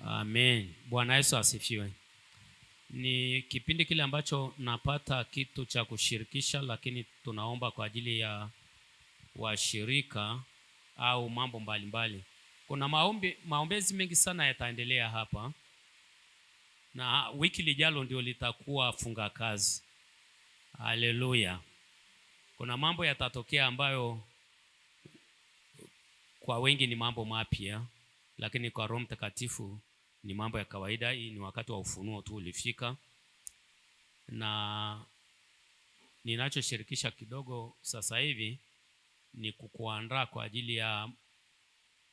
Amen. Bwana Yesu asifiwe. Ni kipindi kile ambacho napata kitu cha kushirikisha, lakini tunaomba kwa ajili ya washirika au mambo mbalimbali mbali. Kuna maombi, maombezi mengi sana yataendelea hapa na wiki lijalo ndio litakuwa funga kazi. Haleluya! Kuna mambo yatatokea ambayo kwa wengi ni mambo mapya lakini kwa Roho Mtakatifu ni mambo ya kawaida. Hii ni wakati wa ufunuo tu ulifika, na ninachoshirikisha kidogo sasa hivi ni kukuandaa kwa ajili ya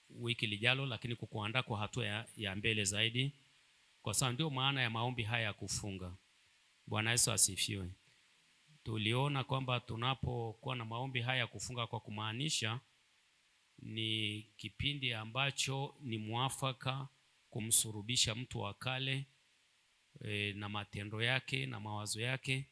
wiki lijalo, lakini kukuandaa kwa hatua ya, ya mbele zaidi, kwa sababu ndio maana ya maombi haya ya kufunga. Bwana Yesu asifiwe. Tuliona kwamba tunapokuwa na maombi haya ya kufunga kwa kumaanisha ni kipindi ambacho ni mwafaka kumsurubisha mtu wa kale e, na matendo yake na mawazo yake,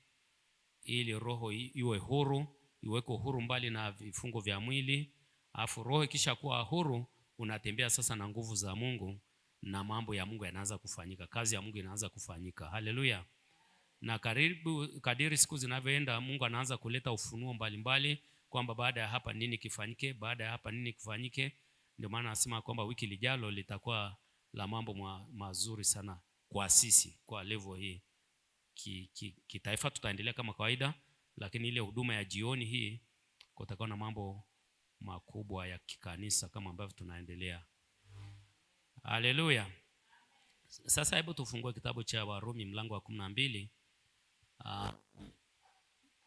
ili roho iwe huru, iweko huru mbali na vifungo vya mwili. Afu roho ikisha kuwa huru, unatembea sasa na nguvu za Mungu na mambo ya Mungu yanaanza kufanyika, kazi ya Mungu inaanza kufanyika. Haleluya! Na karibu kadiri siku zinavyoenda, Mungu anaanza kuleta ufunuo mbalimbali mbali kwamba baada ya hapa nini kifanyike, baada ya hapa nini kifanyike. Ndio maana anasema kwamba wiki lijalo litakuwa la mambo ma, mazuri sana kwa sisi kwa level hii kitaifa ki, ki, tutaendelea kama kawaida, lakini ile huduma ya jioni hii kutakuwa na mambo makubwa ya kikanisa kama ambavyo tunaendelea. Haleluya! Sasa hebu tufungue kitabu cha Warumi mlango wa kumi na mbili. Ah,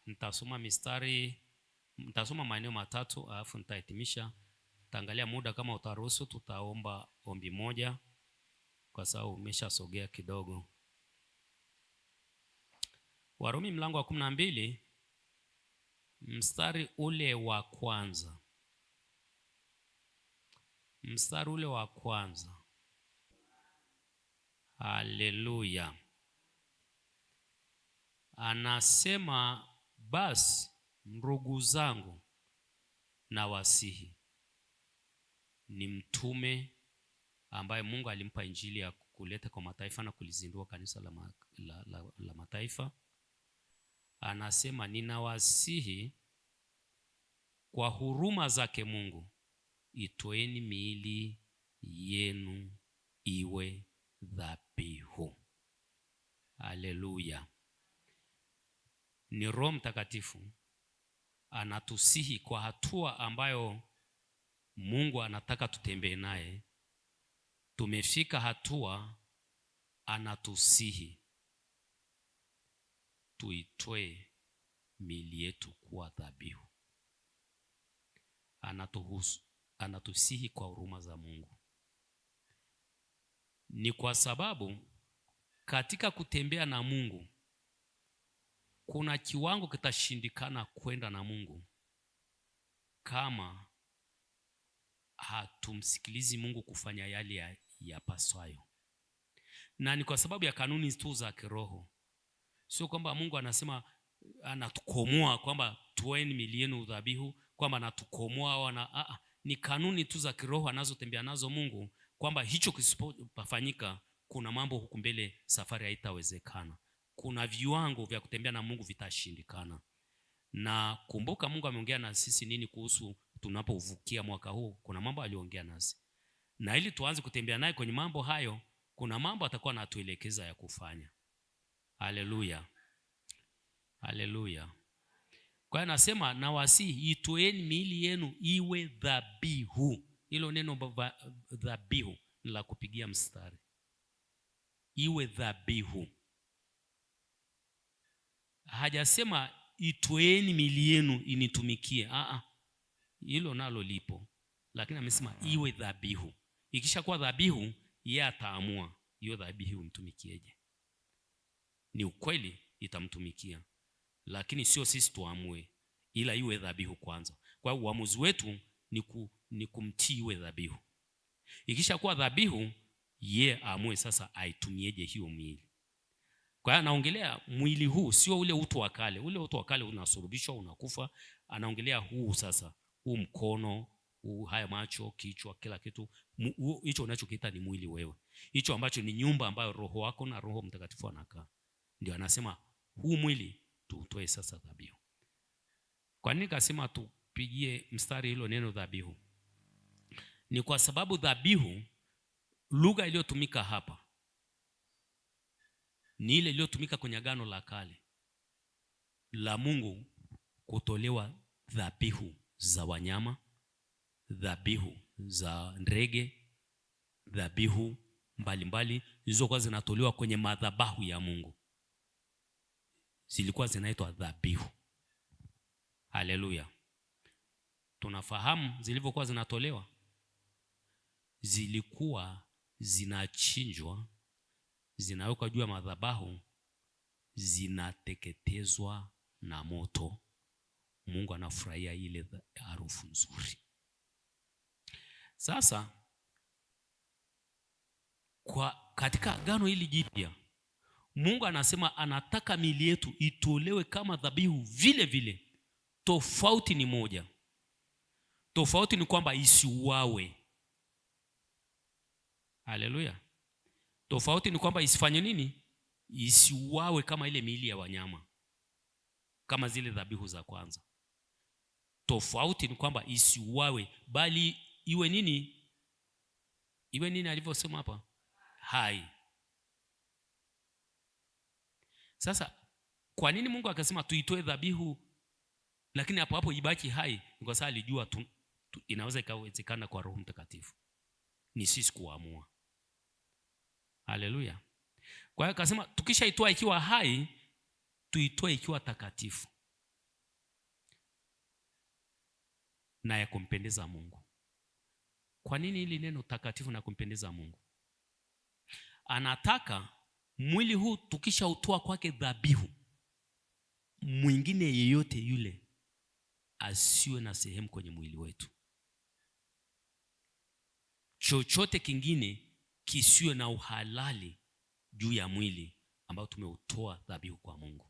nitasoma mistari Nitasoma maeneo matatu alafu nitahitimisha. Taangalia muda, kama utaruhusu, tutaomba ombi moja kwa sababu umeshasogea kidogo. Warumi mlango wa kumi na mbili mstari ule wa kwanza mstari ule wa kwanza. Haleluya! Anasema basi Ndugu zangu na wasihi, ni mtume ambaye Mungu alimpa injili ya kuleta kwa mataifa na kulizindua kanisa la, ma, la, la, la mataifa. Anasema, ninawasihi kwa huruma zake Mungu, itoeni miili yenu iwe dhabihu. Haleluya! Ni Roho Mtakatifu anatusihi kwa hatua ambayo Mungu anataka tutembee naye. Tumefika hatua anatusihi tuitoe mili yetu kuwa dhabihu. Anatuhusu, anatusihi kwa huruma za Mungu. Ni kwa sababu katika kutembea na Mungu kuna kiwango kitashindikana kwenda na Mungu kama hatumsikilizi Mungu kufanya yale paswayo na ni kwa sababu ya kanuni tu za kiroho. Sio kwamba Mungu anasema anatukomoa kwamba tueni milieni yenu udhabihu, kwamba anatukomoa au ana, ni kanuni tu za kiroho anazotembea nazo Mungu, kwamba hicho kisipofanyika kuna mambo huku mbele, safari haitawezekana kuna viwango vya kutembea na Mungu vitashindikana. Na kumbuka Mungu ameongea na sisi nini kuhusu tunapovukia mwaka huu? Kuna mambo aliongea nasi, na ili tuanze kutembea naye kwenye mambo hayo, kuna mambo atakuwa anatuelekeza ya kufanya. Haleluya, haleluya. Kwa hiyo anasema nawasihi, itoeni miili yenu iwe dhabihu. Hilo neno dhabihu ni la kupigia mstari, iwe dhabihu hajasema itweeni mili yenu initumikie. Aa, hilo nalo lipo, lakini amesema iwe dhabihu. Ikishakuwa dhabihu, ye ataamua hiyo dhabihu imtumikieje. Ni ukweli itamtumikia, lakini sio sisi tuamue, ila iwe dhabihu kwanza. Kwa hiyo uamuzi wetu ni, ku, ni kumtii iwe dhabihu. Ikishakuwa dhabihu, ye aamue sasa aitumieje hiyo mili. Kwa hiyo anaongelea mwili huu, sio ule utu wa kale. Ule utu wa kale unasurubishwa, unakufa. Anaongelea huu sasa, huu mkono huu, haya macho, kichwa, kila kitu hicho unachokiita ni mwili wewe, hicho ambacho ni nyumba ambayo roho wako na Roho Mtakatifu anakaa, ndio anasema huu mwili tuutoe sasa dhabihu. Kwa nini kasema tupigie mstari hilo neno dhabihu? Ni kwa sababu dhabihu, lugha iliyotumika hapa ni ile iliyotumika kwenye agano la kale la Mungu kutolewa dhabihu za wanyama, dhabihu za ndege, dhabihu mbalimbali zilizokuwa zinatolewa kwenye madhabahu ya Mungu zilikuwa zinaitwa dhabihu. Haleluya! Tunafahamu zilivyokuwa zinatolewa, zilikuwa zinachinjwa zinawekwa juu ya madhabahu zinateketezwa na moto. Mungu anafurahia ile harufu nzuri. Sasa kwa katika agano hili jipya Mungu anasema anataka miili yetu itolewe kama dhabihu vile vile. Tofauti ni moja, tofauti ni kwamba isiuawe. Haleluya! Tofauti ni kwamba isifanye nini? Isiuawe kama ile miili ya wanyama, kama zile dhabihu za kwanza. Tofauti ni kwamba isiuawe, bali iwe nini? Iwe nini alivyosema hapa, hai. Sasa kwa nini Mungu akasema tuitoe dhabihu lakini hapo hapo ibaki hai? Ni kwa sababu alijua tu, tu, inaweza ikawezekana kwa Roho Mtakatifu, ni sisi kuamua. Haleluya. Kwa hiyo akasema tukishaitoa ikiwa hai, tuitoe ikiwa takatifu na ya kumpendeza Mungu. Kwa nini hili neno takatifu na kumpendeza Mungu? Anataka mwili huu tukishautoa kwake dhabihu, mwingine yeyote yule asiwe na sehemu kwenye mwili wetu, chochote kingine kisiwe na uhalali juu ya mwili ambao tumeutoa dhabihu kwa Mungu.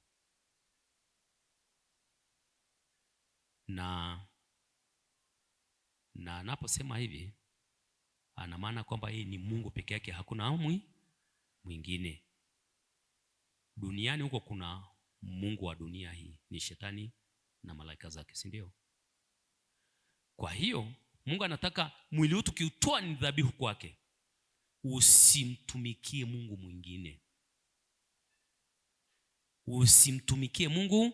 Na na anaposema hivi, ana maana kwamba yeye ni Mungu peke yake, hakuna amwi mwingine duniani. Huko kuna mungu wa dunia hii, ni shetani na malaika zake, si ndio? Kwa hiyo Mungu anataka mwili huu tukiutoa ni dhabihu kwake usimtumikie Mungu mwingine, usimtumikie Mungu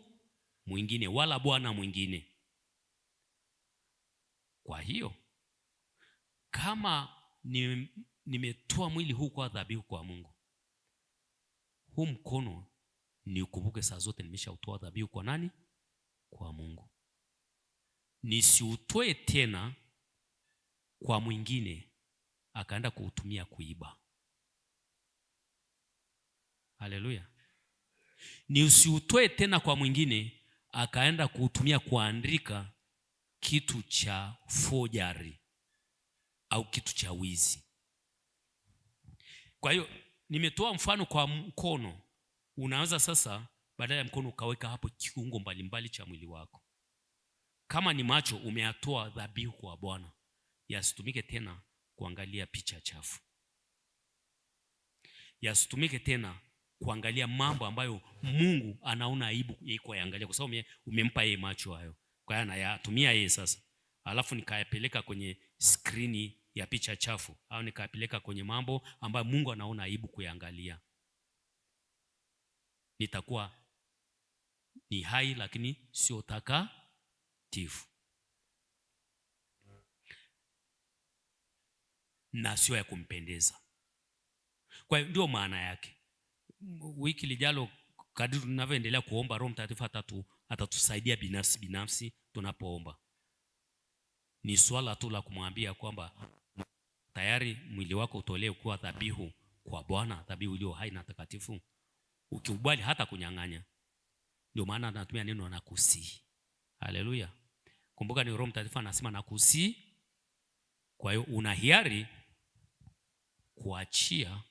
mwingine wala bwana mwingine. Kwa hiyo kama nimetoa mwili huu kwa dhabihu kwa Mungu, huu mkono niukumbuke saa zote, nimeshautoa dhabihu kwa nani? Kwa Mungu. Nisiutoe tena kwa mwingine akaenda kuutumia kuiba haleluya ni usiutoe tena kwa mwingine akaenda kuutumia kuandika kitu cha fojari au kitu cha wizi kwa hiyo nimetoa mfano kwa mkono unaweza sasa badala ya mkono ukaweka hapo kiungo mbalimbali cha mwili wako kama ni macho umeyatoa dhabihu kwa bwana yasitumike tena kuangalia picha chafu, yasitumike tena kuangalia mambo ambayo Mungu anaona aibu iko yaangalia, kwa sababu umempa yeye macho hayo, kwa hiyo anayatumia yeye sasa, alafu nikayapeleka kwenye skrini ya picha chafu, au nikayapeleka kwenye mambo ambayo Mungu anaona aibu kuyaangalia, nitakuwa ni hai lakini sio takatifu. na sio ya kumpendeza. Kwa hiyo ndio maana yake. Wiki lijalo kadri tunavyoendelea kuomba, Roho Mtakatifu atatu atatusaidia binafsi binafsi tunapoomba. Ni swala tu la kumwambia kwamba tayari mwili wako utolee kuwa dhabihu kwa Bwana, dhabihu iliyo hai na takatifu, ukiubali hata kunyang'anya. Ndio maana anatumia neno nakusihi. Haleluya! Kumbuka ni Roho Mtakatifu anasema nakusihi, kwa hiyo una hiari kuachia,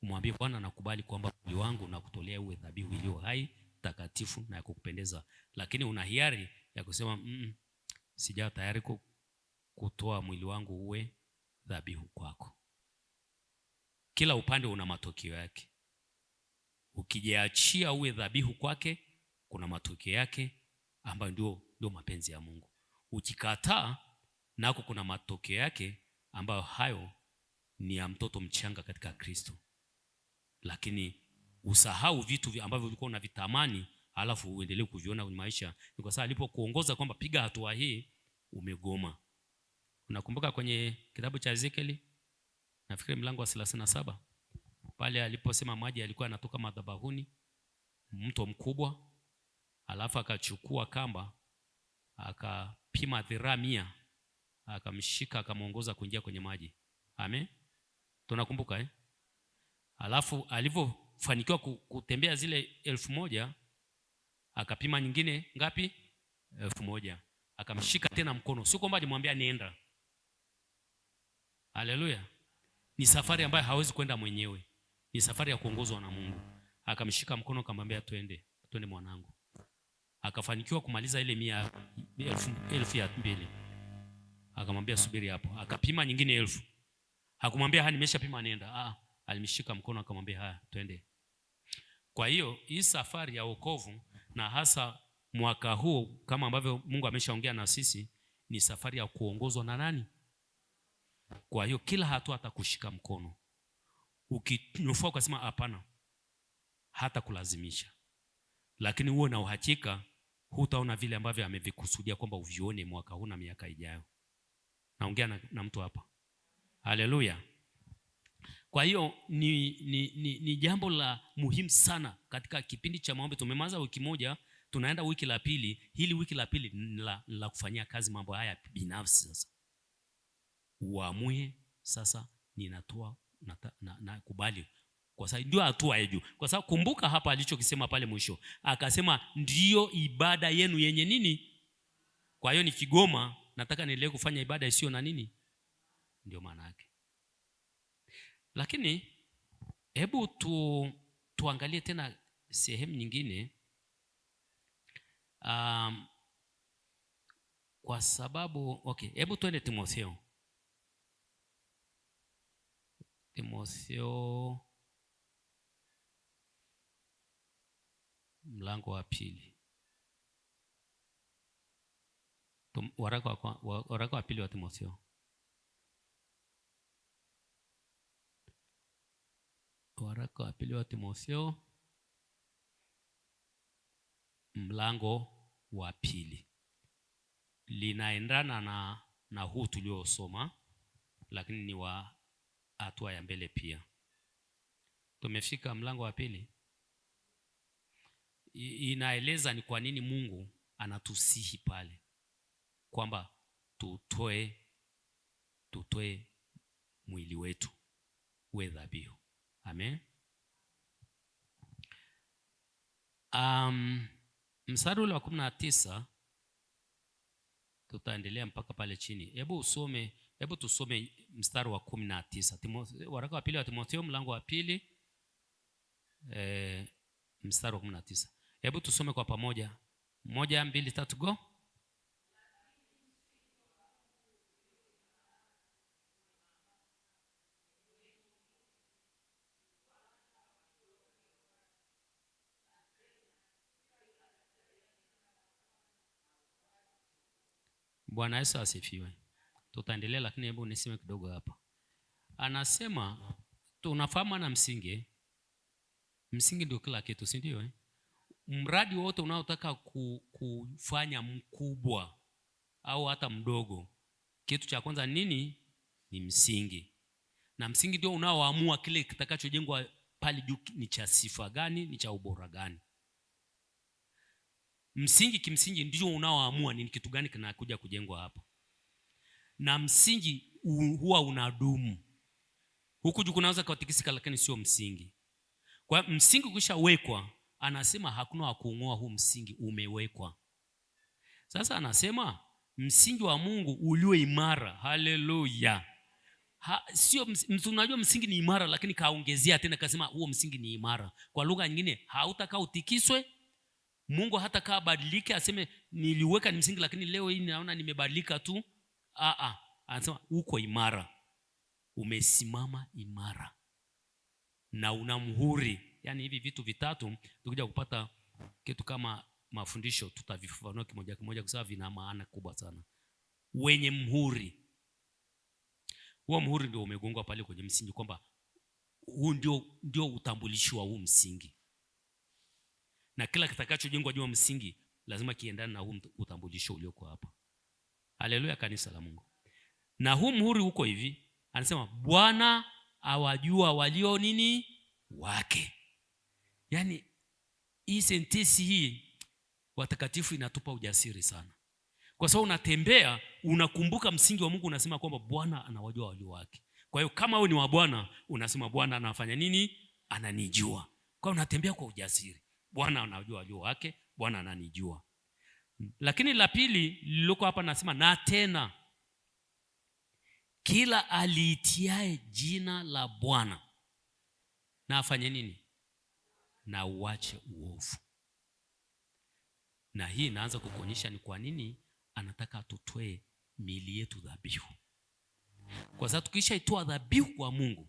kumwambia Bwana, nakubali kwamba mwili wangu nakutolea uwe dhabihu iliyo hai, takatifu na ya kukupendeza. Lakini una hiari ya kusema mm -mm, sijawa tayari kutoa mwili wangu uwe dhabihu kwako. Kila upande una matokeo yake. Ukijiachia uwe dhabihu kwake, kuna matokeo yake ambayo ndio ndio mapenzi ya Mungu. Ukikataa nako kuna matokeo yake ambayo hayo ni ya mtoto mchanga katika Kristo, lakini usahau vitu ambavyo ulikuwa unavitamani alafu uendelee kuviona kwenye maisha. Ni kwa sababu alipokuongoza kwamba piga hatua hii, umegoma. Unakumbuka kwenye kitabu cha Ezekieli, nafikiri mlango wa 37 pale aliposema maji yalikuwa yanatoka madhabahuni, mto mkubwa, alafu akachukua kamba akapima dhiraa mia akamshika akamwongoza kuingia kwenye maji. Amen tunakumbuka eh? Alafu alivyofanikiwa kutembea zile elfu moja akapima nyingine ngapi? elfu moja akamshika tena mkono, sio kwamba alimwambia nienda. Haleluya! ni safari ambayo hawezi kwenda mwenyewe, ni safari ya kuongozwa na Mungu. Akamshika mkono akamwambia twende, twende mwanangu. Akafanikiwa kumaliza ile mia elfu, elfu ya mbili. Akamwambia subiri hapo, akapima nyingine elfu Hakumwambia haya nimeshapima nenda. Ah, alimshika mkono akamwambia haya twende. Kwa hiyo hii safari ya wokovu na hasa mwaka huu kama ambavyo Mungu ameshaongea na sisi ni safari ya kuongozwa na nani? Kwa hiyo kila hatua atakushika mkono. ukinufua ukasema hapana, hata kulazimisha, lakini uwe na uhakika hutaona vile ambavyo amevikusudia kwamba uvione mwaka huu na miaka ijayo. Naongea na, na mtu hapa Haleluya! Kwa hiyo ni, ni, ni, ni jambo la muhimu sana katika kipindi cha maombi. tumemaza wiki moja, tunaenda wiki la pili. Hili wiki la pili la, la kufanyia kazi mambo haya binafsi. Sasa uamue sasa, ninatoa nakubali na, na, kwa sababu ndio hatua ya juu, kwa sababu kumbuka hapa alichokisema pale mwisho, akasema ndiyo ibada yenu yenye nini. Kwa hiyo ni kigoma nataka niendelee kufanya ibada isiyo na nini ndio maana yake. Lakini hebu tu, tuangalie tena sehemu nyingine um, kwa sababu okay, hebu tuende Timotheo. Timotheo mlango wa pili, waraka wa pili wa Timotheo kwa waraka wa pili wa Timotheo mlango wa pili linaendana na, na huu tuliosoma, lakini ni wa hatua ya mbele pia. Tumefika mlango wa pili, inaeleza ni kwa nini Mungu anatusihi pale kwamba tutoe tutoe mwili wetu uwe dhabihu. Amen. Um, mstari ule wa kumi na tisa tutaendelea mpaka pale chini. Hebu usome, hebu tusome mstari wa kumi na tisa waraka wa pili wa Timotheo mlango wa pili e, mstari wa kumi na tisa. Hebu tusome kwa pamoja, moja mbili tatu, go. Bwana Yesu asifiwe. Tutaendelea, lakini hebu niseme kidogo hapa. Anasema tunafahamu na msingi, msingi ndio kila kitu, si ndio eh? Mradi wote unaotaka kufanya mkubwa au hata mdogo, kitu cha kwanza nini? Ni msingi, na msingi ndio unaoamua kile kitakachojengwa pale juu ni cha sifa gani, ni cha ubora gani. Msingi kimsingi ndio unaoamua ni kitu gani kinakuja kujengwa hapo, na msingi huwa unadumu. Huku juu kunaweza kutikisika, lakini sio msingi. Kwa msingi ukishawekwa, anasema hakuna wa huu msingi, umewekwa sasa. Anasema msingi wa Mungu ulio imara. Haleluya! Ha, sio unajua, msingi ni imara, lakini kaongezea tena, kasema huo msingi ni imara. Kwa lugha nyingine, hautakaa utikiswe mungu hata kaa badilike aseme niliweka ni msingi lakini leo hii naona nimebadilika tu Aa, anasema uko imara umesimama imara na una mhuri yaani hivi vitu vitatu tukija kupata kitu kama mafundisho tutavifafanua kimoja kimoja kwa sababu vina maana kubwa sana wenye mhuri huo mhuri ndio umegongwa pale kwenye msingi kwamba huu ndio, ndio utambulishi wa huu msingi na kila kitakachojengwa juu ya msingi lazima kiendane na huu utambulisho ulioko hapa. Haleluya, kanisa la Mungu. Na huu muhuri huko hivi, anasema Bwana awajua walio nini wake. Yaani hii sentensi hii watakatifu inatupa ujasiri sana, kwa sababu unatembea unakumbuka msingi wa Mungu, unasema kwamba Bwana anawajua walio wake. Kwa hiyo kama wewe ni wa Bwana unasema Bwana anafanya nini? Ananijua. Kwa hiyo unatembea kwa ujasiri. Bwana anajua walio wake, Bwana ananijua. Lakini la pili lililoko hapa nasema, na tena kila aliitiae jina la Bwana na afanye nini? Na uache uovu. Na hii inaanza kukuonyesha ni kwa nini anataka atutoe miili yetu dhabihu, kwa sababu tukishaitoa dhabihu kwa Mungu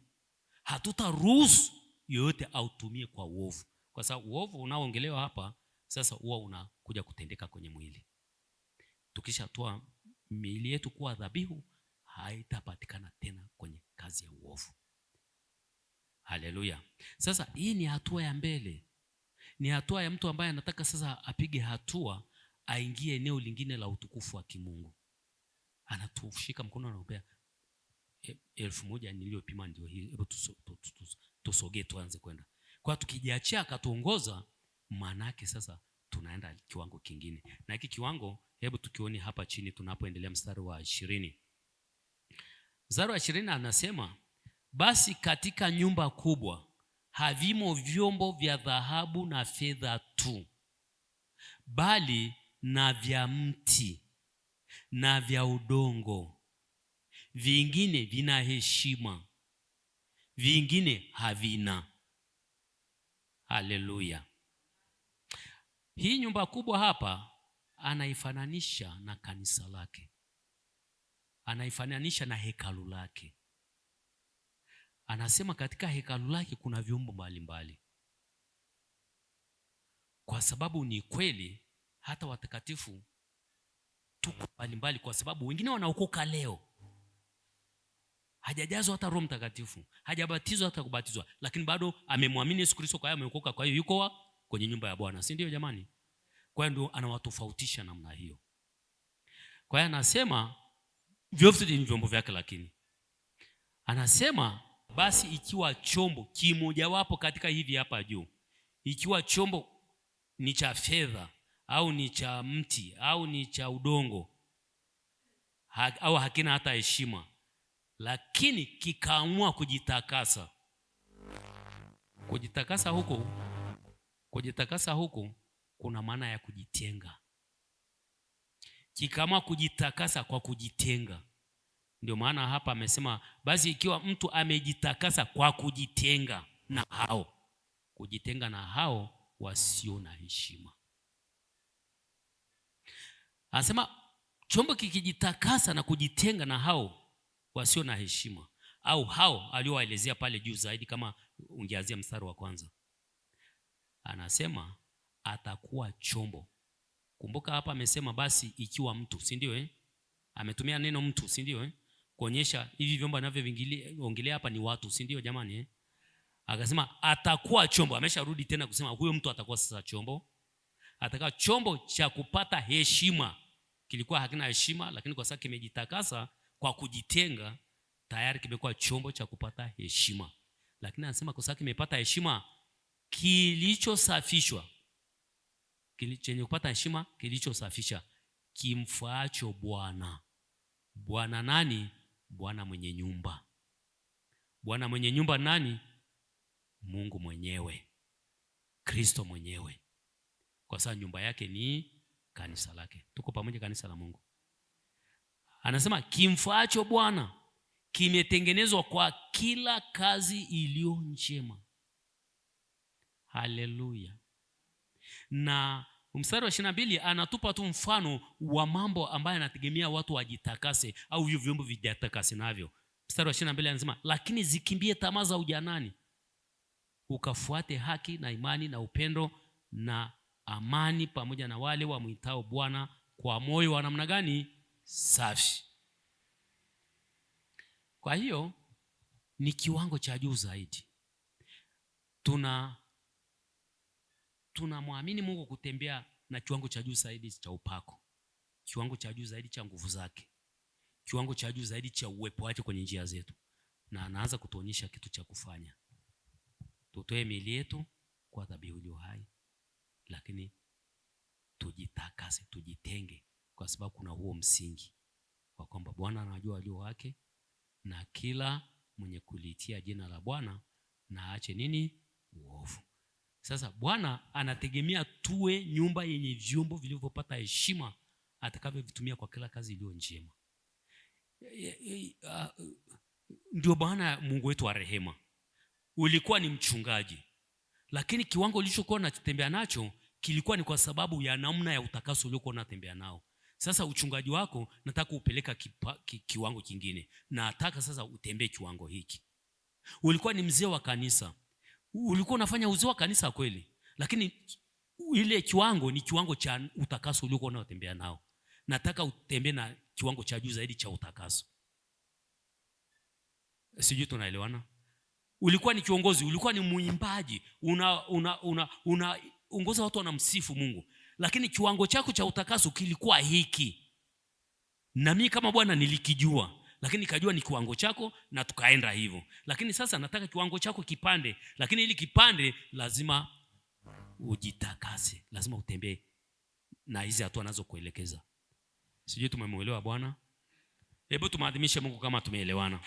hatutaruhusu yoyote autumie kwa uovu kwa sababu uovu unaoongelewa hapa sasa huwa unakuja kutendeka kwenye mwili. Tukishatoa miili yetu kuwa dhabihu, haitapatikana tena kwenye kazi ya uovu. Haleluya! Sasa hii ni hatua ya mbele, ni hatua ya mtu ambaye anataka sasa apige hatua, aingie eneo lingine la utukufu wa kimungu. Anatushika mkono, anaopea e, elfu moja niliyopima ndio hii, hebu tusogee tuanze kwenda kwa tukijiachia akatuongoza, maana yake sasa tunaenda kiwango kingine, na hiki kiwango hebu tukioni hapa chini tunapoendelea mstari wa ishirini. Mstari wa ishirini anasema basi katika nyumba kubwa havimo vyombo vya dhahabu na fedha tu, bali na vya mti na vya udongo, vingine vina heshima, vingine havina. Haleluya! Hii nyumba kubwa hapa anaifananisha na kanisa lake, anaifananisha na hekalu lake. Anasema katika hekalu lake kuna vyombo mbalimbali, kwa sababu ni kweli hata watakatifu tuko mbalimbali, kwa sababu wengine wanaokoka leo hajajazwa hata Roho Mtakatifu, hajabatizwa hata kubatizwa, lakini bado amemwamini Yesu Kristo, kwa hiyo ameokoka, kwa hiyo yuko wa kwenye nyumba ya Bwana, si ndio jamani? Kwa hiyo ndio anawatofautisha namna hiyo. Kwa hiyo anasema vyote ni vyombo vyake, lakini anasema basi, ikiwa chombo kimojawapo katika hivi hapa juu, ikiwa chombo ni cha fedha au ni cha mti au ni cha udongo ha, au hakina hata heshima lakini kikaamua kujitakasa. Kujitakasa huku, kujitakasa huku kuna maana ya kujitenga. Kikaamua kujitakasa kwa kujitenga. Ndio maana hapa amesema basi, ikiwa mtu amejitakasa kwa kujitenga na hao, kujitenga na hao wasio na heshima. Anasema chombo kikijitakasa na kujitenga na hao wasio na heshima au hao aliowaelezea pale juu zaidi, kama ungeanzia mstari wa kwanza, anasema atakuwa chombo. Kumbuka hapa amesema basi ikiwa mtu, si ndio eh? Ametumia neno mtu, si ndio eh? Kuonyesha hivi vyombo anavyoongelea hapa ni watu, si ndio jamani eh? Akasema atakuwa chombo, amesharudi tena kusema huyo mtu atakuwa sasa chombo, atakuwa chombo cha kupata heshima. Kilikuwa hakina heshima, lakini kwa sasa kimejitakasa kwa kujitenga tayari kimekuwa chombo cha kupata heshima, lakini anasema kwa sababu kimepata heshima, kilichosafishwa chenye kupata heshima, kilichosafisha kimfaacho Bwana. Bwana nani? Bwana mwenye nyumba. Bwana mwenye nyumba nani? Mungu mwenyewe, Kristo mwenyewe, kwa sababu nyumba yake ni kanisa lake. Tuko pamoja, kanisa la Mungu. Anasema kimfaacho Bwana kimetengenezwa kwa kila kazi iliyo njema. Haleluya! Na mstari wa ishirini na mbili anatupa tu mfano wa mambo ambayo anategemea watu wajitakase au hivyo vyombo vijatakase navyo. Mstari wa ishirini na mbili anasema, lakini zikimbie tamaa za ujanani, ukafuate haki na imani na upendo na amani, pamoja na wale wamwitao Bwana kwa moyo wa namna gani? safi. Kwa hiyo ni kiwango cha juu zaidi. Tuna tunamwamini Mungu kutembea na kiwango cha juu zaidi cha upako, kiwango cha juu zaidi cha nguvu zake, kiwango cha juu zaidi cha uwepo wake kwenye njia zetu, na anaanza kutuonyesha kitu cha kufanya. Tutoe mili yetu kwa dhabihu hai, lakini tujitakase, tujitenge kwa sababu kuna huo msingi wa kwamba Bwana anajua walio wake, na kila mwenye kulitia jina la Bwana na aache nini? Uovu. Sasa Bwana anategemea tuwe nyumba yenye vyombo vilivyopata heshima atakavyovitumia kwa kila kazi iliyo njema. Ndio Bwana Mungu wetu wa rehema. Ulikuwa ni mchungaji, lakini kiwango ulichokuwa unatembea nacho kilikuwa ni kwa sababu ya namna ya utakaso uliokuwa unatembea nao. Sasa uchungaji wako nataka upeleka kipa, ki, kiwango kingine, nataka sasa utembee kiwango hiki. Ulikuwa ni mzee wa kanisa, ulikuwa unafanya uzee wa kanisa kweli, lakini ile kiwango ni kiwango cha utakaso uliokuwa unaotembea nao. Nataka utembee na kiwango cha juu zaidi cha utakaso. Sijui tunaelewana? Ulikuwa ni kiongozi, ulikuwa ni mwimbaji, unaongoza una, una, una, watu wanamsifu Mungu, lakini kiwango chako cha utakaso kilikuwa hiki, na mimi kama Bwana nilikijua, lakini kajua ni kiwango chako na tukaenda hivyo. Lakini sasa nataka kiwango chako kipande, lakini ili kipande lazima ujitakase, lazima utembee na hizi hatua anazokuelekeza Sijui tumemwelewa Bwana? Hebu tumaadhimishe Mungu kama tumeelewana.